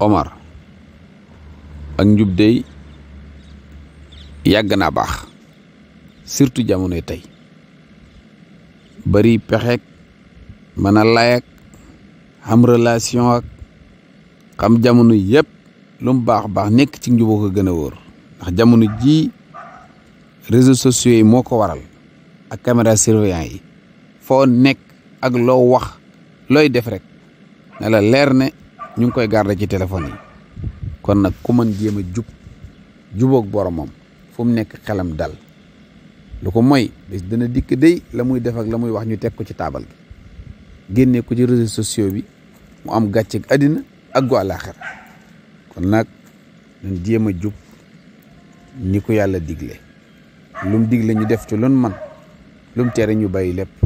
Omar ak njub dey yàgg naa baax surtout jamonoy tey bari pexeek mën a layak am relation ak xam jamono yëpp lu mu baax baax nekk ci njuboo ko gën a wóor ndax jamono ji réseaux sociaux yi moo ko waral ak kamera surveillance yi foo nekk ak loo wax looy def rek ne la leer ne ñu ngi koy garder ci téléphone yi kon nag ku man jéem a jub jubóog boromam fu mu nekk xelam dal lu ko mooy bis dana dikk day la muy defak la muy wax ñu teg ko ci taabal bi génnee ko ci réseaux sociaux bi mu am gàcce ak àddina ak gu àllaaxira kon nag ñun jéem a jub ni ko yàlla digle lum digle ñu def ci lun man lum tere ñu bàyyi lépp